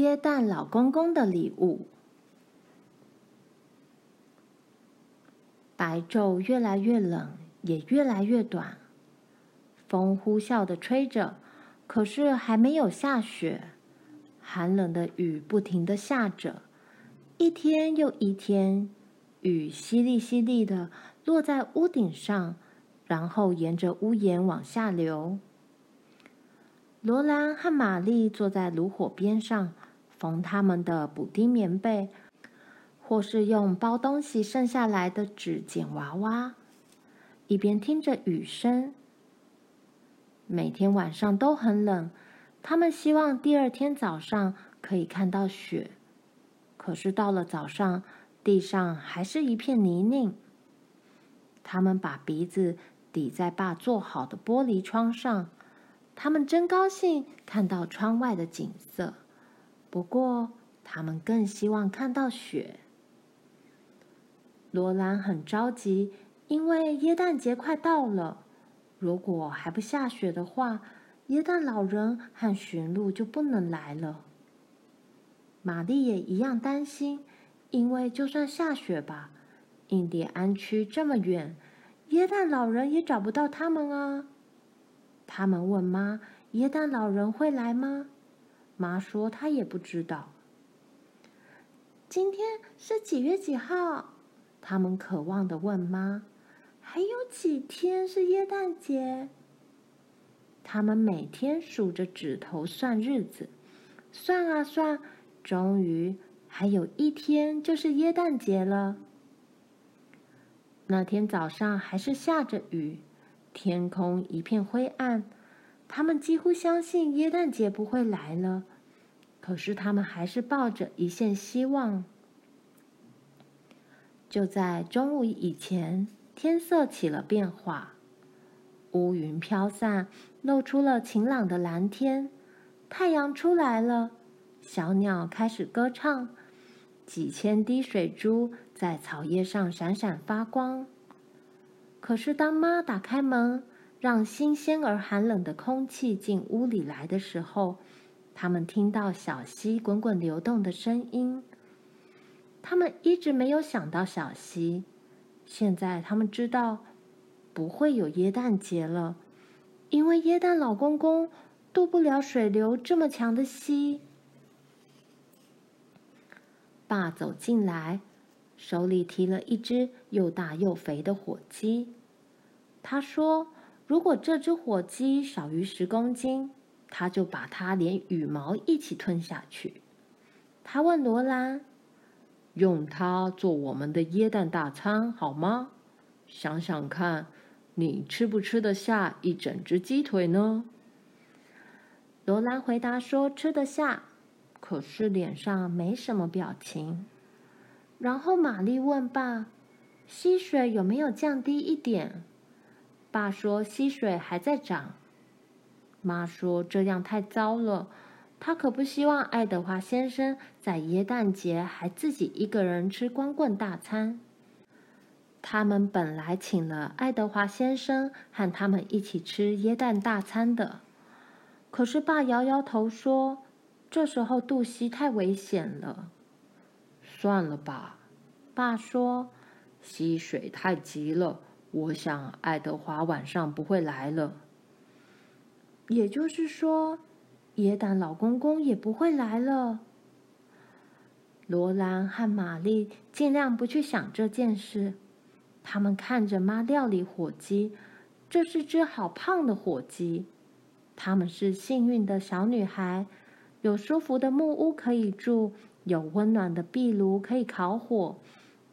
耶誕老公公的禮物。白晝越來越冷，也越來越短。風呼嘯的吹着，可是還沒有下雪。寒冷的雨不停的下着，一天又一天，雨淅瀝淅瀝的落在屋頂上，然後沿着屋檐往下流。羅蘭和瑪麗坐在爐火邊上。縫他們的補丁棉被，或是用包東西剩下來的紙剪娃娃，一邊聽着雨聲。每天晚上都很冷，他們希望第二天早上可以看到雪。可是到了早上，地上還是一片泥濘。他們把鼻子抵在爸做好的玻璃窗上，他們真高興看到窗外的景色。不過，他們更希望看到雪。羅蘭很着急，因為耶誕節快到了，如果還不下雪的話，耶誕老人和馴鹿就不能來了。瑪麗也一樣擔心，因為就算下雪吧，印第安區這麼遠，耶誕老人也找不到他們啊。他們問媽：“耶誕老人會來嗎？”媽說她也不知道。今天是幾月幾號？他們渴望地問媽，還有幾天是耶誕節？他們每天數着指頭算日子，算啊算，終於還有一天就是耶誕節了。那天早上還是下着雨，天空一片灰暗，他們幾乎相信耶誕節不會來了。可是他們還是抱着一線希望。就在中午以前，天色起了變化，烏雲飄散，露出了晴朗的藍天，太陽出來了，小鳥開始歌唱，幾千滴水珠在草葉上閃閃發光。可是當媽打開門，讓新鮮而寒冷的空氣進屋裡來的時候，他們聽到小溪滾滾流動的聲音。他們一直沒有想到小溪，現在他們知道不會有耶誕節了，因為耶誕老公公渡不了水流這麼強的溪。爸走進來，手裡提了一隻又大又肥的火雞。他說：“如果這隻火雞少於十公斤。”他就把它連羽毛一起吞下去。他問羅蘭：“用它做我們的耶誕大餐好嗎？想想看，你吃不吃得下一整隻雞腿呢？”羅蘭回答說：“吃得下。”可是臉上沒什麼表情。然後瑪麗問爸：“溪水有沒有降低一點？”爸說：“溪水還在漲。”媽說：“這樣太糟了，她可不希望愛德華先生在耶誕節還自己一個人吃光棍大餐。”他們本來請了愛德華先生和他們一起吃耶誕大餐的，可是爸搖搖頭說：“這時候渡溪太危險了，算了吧。”爸說：“溪水太急了，我想愛德華晚上不會來了。”也就是說，耶誕老公公也不會來了。羅蘭和瑪麗盡量不去想這件事。他們看着媽料理火雞，這是只好胖的火雞。他們是幸運的小女孩，有舒服的木屋可以住，有溫暖的壁爐可以烤火，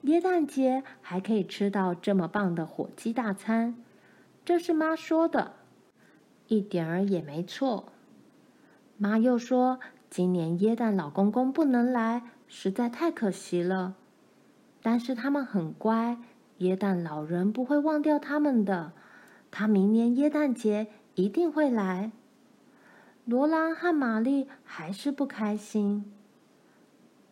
耶誕節還可以吃到這麼棒的火雞大餐。這是媽說的。一點兒也沒錯。媽又說：“今年耶誕老公公不能來，實在太可惜了。”但是他們很乖，耶誕老人不會忘掉他們的。他明年耶誕節一定會來。羅蘭和瑪麗還是不開心。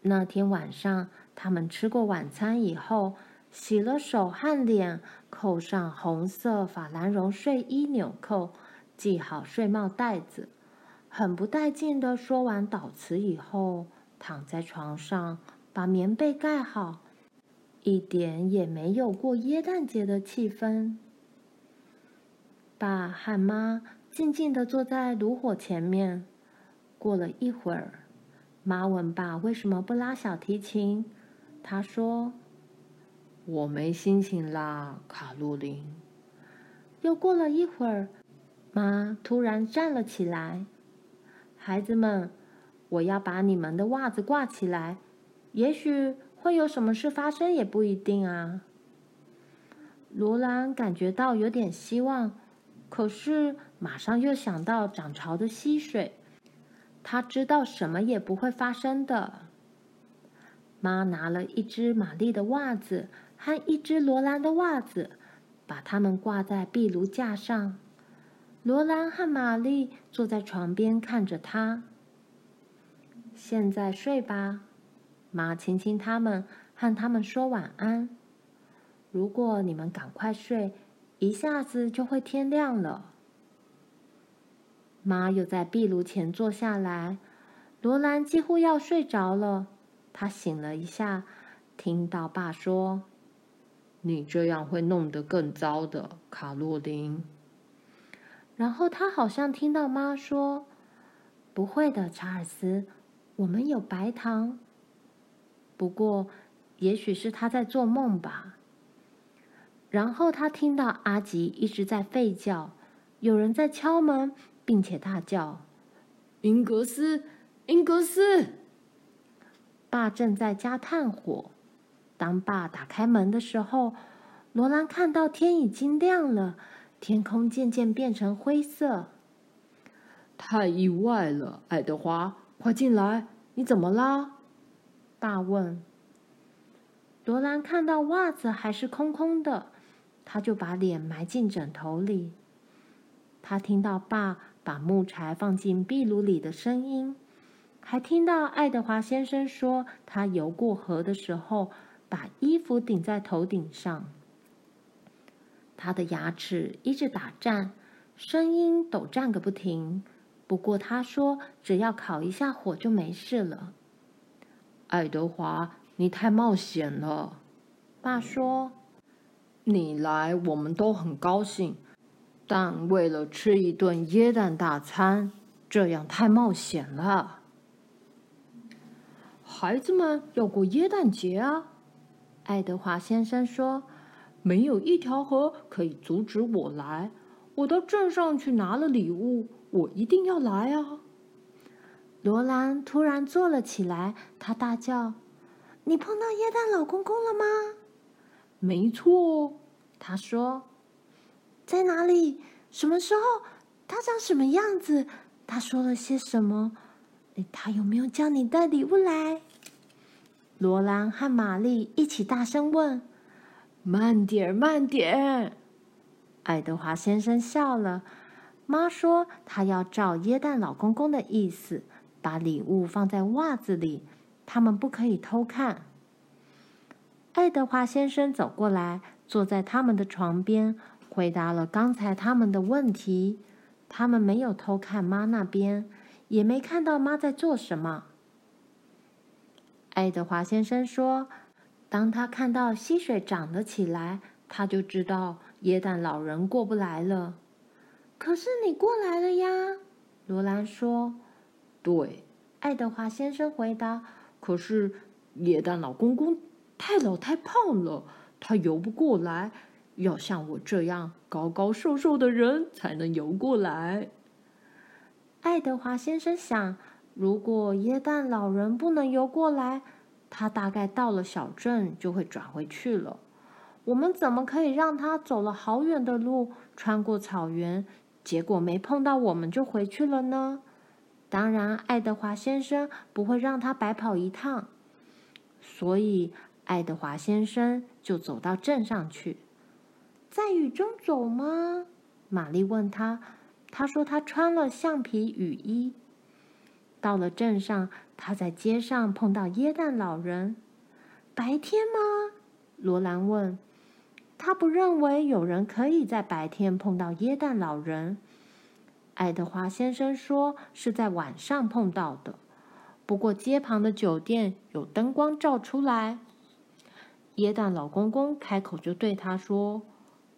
那天晚上，他們吃過晚餐以後，洗了手和臉，扣上紅色法蘭絨睡衣紐扣。繫好睡帽帶子，很不帶勁的說完禱詞以後，躺在床上把棉被蓋好，一點也沒有過耶誕節的氣氛。爸和媽靜靜的坐在爐火前面。過了一會兒，媽問爸為什麼不拉小提琴，他說：“我沒心情拉，卡洛琳。”又過了一會兒。媽突然站了起來：“孩子們，我要把你們的襪子掛起來。也許會有什麼事發生，也不一定啊。”羅蘭感覺到有點希望，可是馬上又想到漲潮的溪水，他知道什麼也不會發生的。媽拿了一隻瑪麗的襪子和一隻羅蘭的襪子，把它們掛在壁爐架上。羅蘭和瑪麗坐在床邊看着他。現在睡吧，媽親親他們，和他們說晚安。如果你們趕快睡，一下子就會天亮了。媽又在壁爐前坐下來。羅蘭幾乎要睡着了，他醒了一下，聽到爸說：“你這樣會弄得更糟的，卡洛琳。”然後他好像聽到媽說：“不會的，查爾斯，我們有白糖。”不過，也許是他在做夢吧。然後他聽到阿吉一直在吠叫，有人在敲門，並且大叫：“英格斯，英格斯！”爸正在加炭火。當爸打開門的時候，羅蘭看到天已經亮了。天空漸漸變成灰色。太意外了，愛德華，快進來，你怎麼啦？爸問。羅蘭看到襪子還是空空的，她就把臉埋進枕頭裡。她聽到爸把木柴放進壁爐裡的聲音，還聽到愛德華先生說他游過河的時候把衣服頂在頭頂上。他的牙齒一直打顫，聲音抖顫個不停。不過他說，只要烤一下火就沒事了。愛德華，你太冒險了，爸說。你來，我們都很高興，但為了吃一頓耶誕大餐，這樣太冒險了。孩子們要過耶誕節啊，愛德華先生說。沒有一條河可以阻止我來。我到鎮上去拿了禮物，我一定要來啊！羅蘭突然坐了起來，他大叫：“你碰到耶誕老公公了嗎？”“沒錯。”他說。“在哪裡？什麼時候？他長什麼樣子？他說了些什麼？他有沒有叫你帶禮物來？”羅蘭和瑪麗一起大聲問。慢點兒，慢點兒！愛德華先生笑了。媽說她要照耶誕老公公的意思，把禮物放在襪子裡，他們不可以偷看。愛德華先生走過來，坐在他們的床邊，回答了剛才他們的問題。他們沒有偷看媽那邊，也沒看到媽在做什麼。愛德華先生說。當他看到溪水漲了起來，他就知道耶誕老人過不來了。可是你過來了呀？羅蘭說。對，愛德華先生回答。可是耶誕老公公太老太胖了，他游不過來，要像我這樣高高瘦瘦的人才能游過來。愛德華先生想，如果耶誕老人不能游過來，他大概到了小鎮就會轉回去了。我們怎麼可以讓他走了好遠的路，穿過草原，結果沒碰到我們就回去了呢？當然，愛德華先生不會讓他白跑一趟，所以愛德華先生就走到鎮上去。在雨中走嗎？瑪麗問他，他說他穿了橡皮雨衣。到了鎮上。他在街上碰到耶誕老人，白天嗎？羅蘭問。他不認為有人可以在白天碰到耶誕老人。愛德華先生說是在晚上碰到的，不過街旁的酒店有燈光照出來。耶誕老公公開口就對他說：“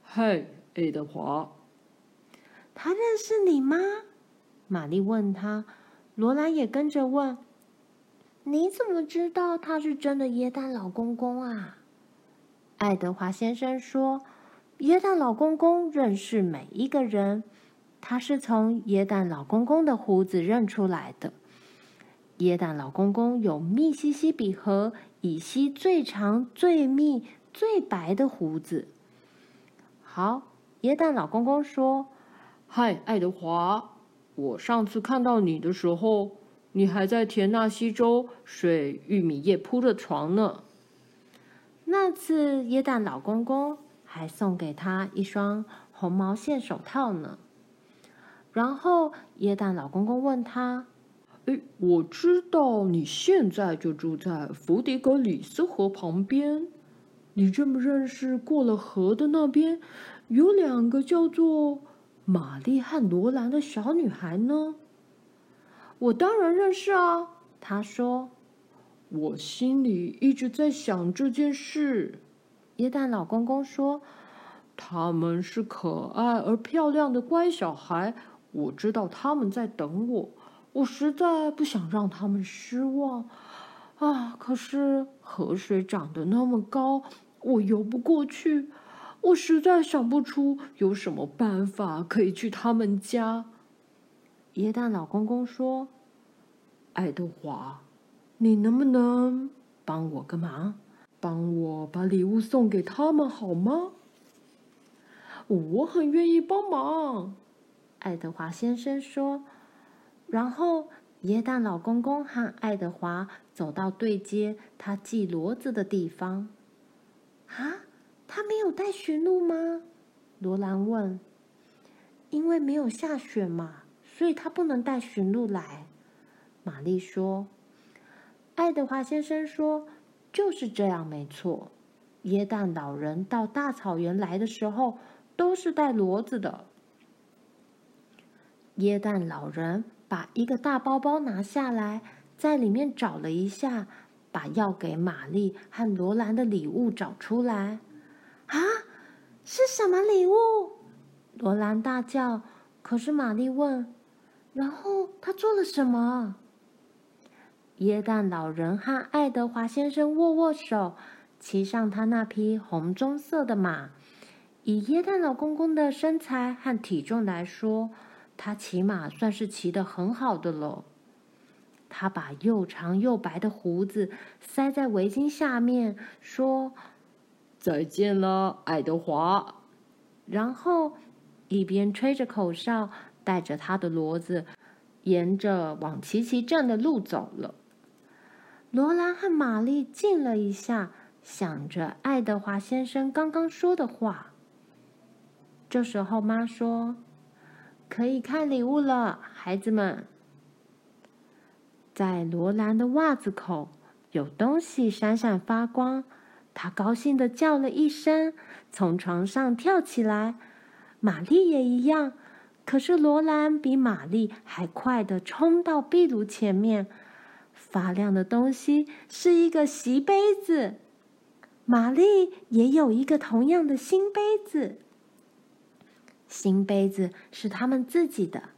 嘿，愛德華。”他認識你嗎？瑪麗問他。羅蘭也跟着問。你怎麼知道他是真的耶誕老公公啊？愛德華先生說：“耶誕老公公認識每一個人，他是從耶誕老公公的鬍子認出來的。耶誕老公公有密西西比河以西最長、最密、最白的鬍子。”好，耶誕老公公說：“嗨，愛德華，我上次看到你的時候。”你還在田納西州睡玉米葉鋪的床呢。那次，耶誕老公公還送給他一雙紅毛線手套呢。然後，耶誕老公公問他：“哎，我知道你現在就住在弗迪格里斯河旁邊。你認不認識過了河的那邊有兩個叫做瑪麗和羅蘭的小女孩呢？”我當然認識啊。他說：“我心裡一直在想這件事。”耶誕老公公說：“他們是可愛而漂亮的乖小孩，我知道他們在等我。我實在不想讓他們失望啊！可是河水漲得那麼高，我游不過去。我實在想不出有什麼辦法可以去他們家。”耶誕老公公說：“愛德華，你能不能幫我個忙，幫我把禮物送給他們好嗎？”我很願意幫忙。”愛德華先生說。然後，耶誕老公公和愛德華走到對街他繫騾子的地方。“啊，他沒有帶馴鹿嗎？”羅蘭問。“因為沒有下雪嘛。”所以他不能帶馴鹿來，瑪麗說。愛德華先生說：“就是這樣，沒錯。”耶誕老人到大草原來的時候都是帶騾子的。耶誕老人把一個大包包拿下來，在裡面找了一下，把要給瑪麗和羅蘭的禮物找出來。啊，是什麼禮物？羅蘭大叫。可是瑪麗問。然後他做了什麼？耶誕老人和愛德華先生握握手，騎上他那匹紅棕色的馬。以耶誕老公公的身材和體重來說，他騎馬算是騎得很好的了。他把又長又白的鬍子塞在圍巾下面，說：“再見了，愛德華。”然後一邊吹着口哨。帶着他的騾子，沿着往奇奇鎮的路走了。羅蘭和瑪麗靜了一下，想着愛德華先生剛剛說的話。這時候，媽說：“可以看禮物了，孩子們。”在羅蘭的襪子口有東西閃閃發光，她高興的叫了一聲，從床上跳起來。瑪麗也一樣。可是羅蘭比瑪麗還快的衝到壁爐前面，發亮的東西是一個新杯子。瑪麗也有一個同樣的新杯子。新杯子是他們自己的，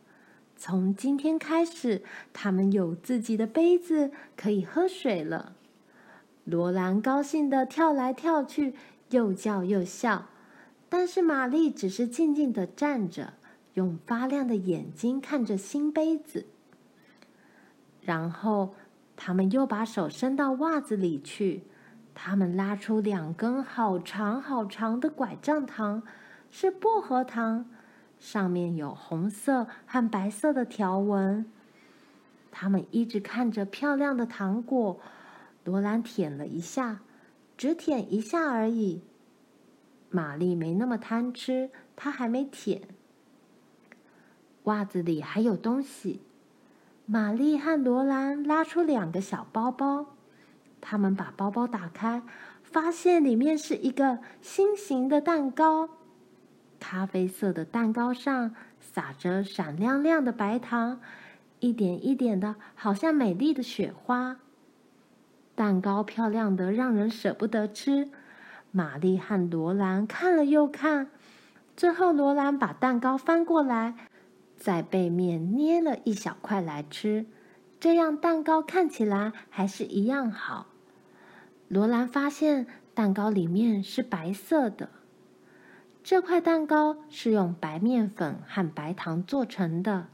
從今天開始，他們有自己的杯子可以喝水了。羅蘭高興的跳來跳去，又叫又笑，但是瑪麗只是靜靜的站着。用發亮的眼睛看着新杯子，然後他們又把手伸到襪子裡去。他們拉出兩根好長好長的拐杖糖，是薄荷糖，上面有紅色和白色的條紋。他們一直看着漂亮的糖果。羅蘭舔了一下，只舔一下而已。瑪麗沒那麼貪吃，她還沒舔。襪子裡還有東西。瑪麗和羅蘭拉出兩個小包包，他們把包包打開，發現裡面是一個心形的蛋糕。咖啡色的蛋糕上撒着閃亮亮的白糖，一點一點的，好像美麗的雪花。蛋糕漂亮得讓人舍不得吃。瑪麗和羅蘭看了又看，最後羅蘭把蛋糕翻過來，在背面捏了一小塊來吃，這樣蛋糕看起來還是一樣好。羅蘭發現蛋糕裡面是白色的，這塊蛋糕是用白麵粉和白糖做成的。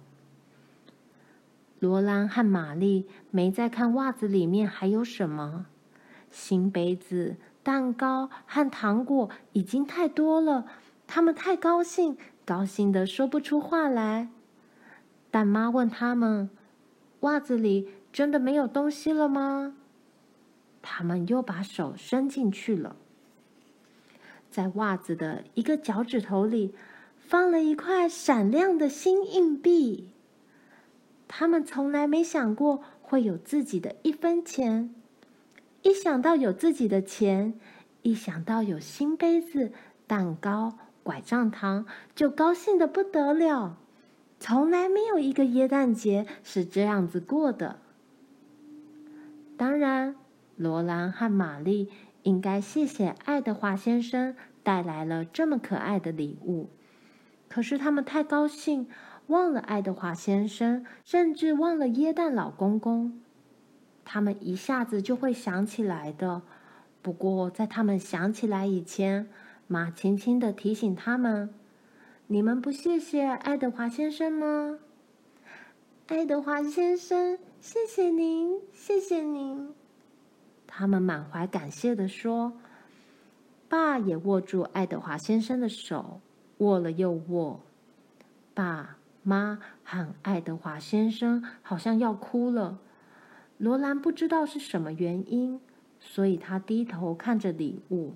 羅蘭和瑪麗沒再看襪子裡面還有什麼，新杯子、蛋糕和糖果已經太多了，他們太高興，高興得說不出話來。但媽問他們：“襪子裡真的沒有東西了嗎？”他們又把手伸進去了，在襪子的一個腳趾頭裡放了一塊閃亮的新硬幣。他們從來沒想過會有自己的一分錢，一想到有自己的錢，一想到有新杯子、蛋糕、拐杖糖，就高興得不得了。從來沒有一個耶誕節，是這樣子過的。當然，羅蘭和瑪麗應該謝謝愛德華先生帶來了這麼可愛的禮物。可是他們太高興，忘了愛德華先生，甚至忘了耶誕老公公。他們一下子就會想起來的。不過，在他們想起來以前，馬輕輕的提醒他們。你們不謝謝愛德華先生嗎？愛德華先生，謝謝您，謝謝您。他們滿懷感謝地說。爸也握住愛德華先生的手，握了又握。爸媽和愛德華先生，好像要哭了。羅蘭不知道是什麼原因，所以他低頭看着禮物。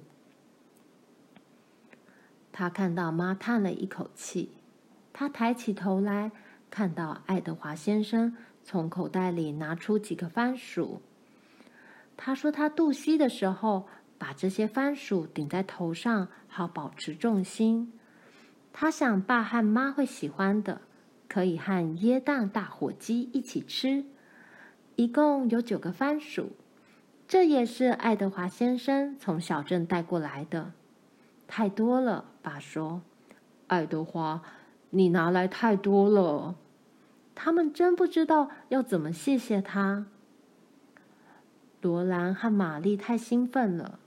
他看到媽嘆了一口氣，他抬起頭來，看到愛德華先生從口袋裡拿出幾個番薯。他說他渡溪的時候把這些番薯頂在頭上，好保持重心。他想爸和媽會喜歡的，可以和耶誕大火雞一起吃。一共有九個番薯，這也是愛德華先生從小鎮帶過來的，太多了。爸說：“愛德華，你拿來太多了，他們真不知道要怎麼謝謝他。”羅蘭和瑪麗太興奮了，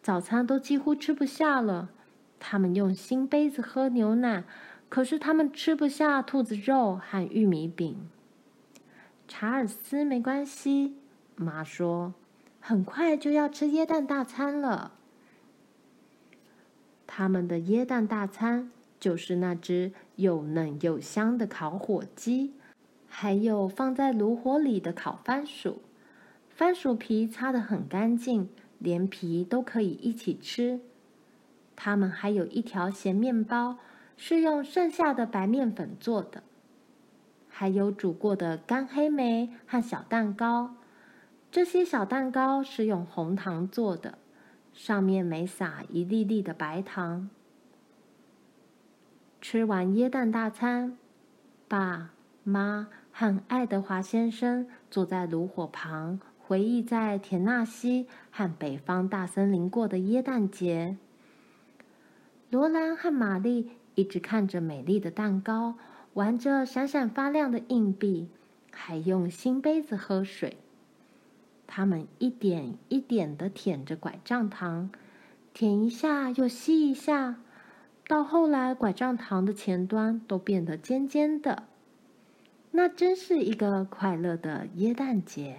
早餐都幾乎吃不下了。他們用新杯子喝牛奶，可是他們吃不下兔子肉和玉米餅。查爾斯，沒關係，媽說，很快就要吃耶誕大餐了。他們的耶誕大餐就是那隻又嫩又香的烤火雞，還有放在爐火裡的烤番薯，番薯皮擦得很乾淨，連皮都可以一起吃。他們還有一條鹹麵包，是用剩下的白麵粉做的，還有煮過的乾黑莓和小蛋糕，這些小蛋糕是用紅糖做的。上面沒撒一粒粒的白糖。吃完耶誕大餐，爸媽和愛德華先生坐在爐火旁，回憶在田納西和北方大森林過的耶誕節。羅蘭和瑪麗一直看着美麗的蛋糕，玩着閃閃發亮的硬幣，還用新杯子喝水。他們一點一點的舔着拐杖糖，舔一下又吸一下，到後來拐杖糖的前端都變得尖尖的。那真是一個快樂的耶誕節。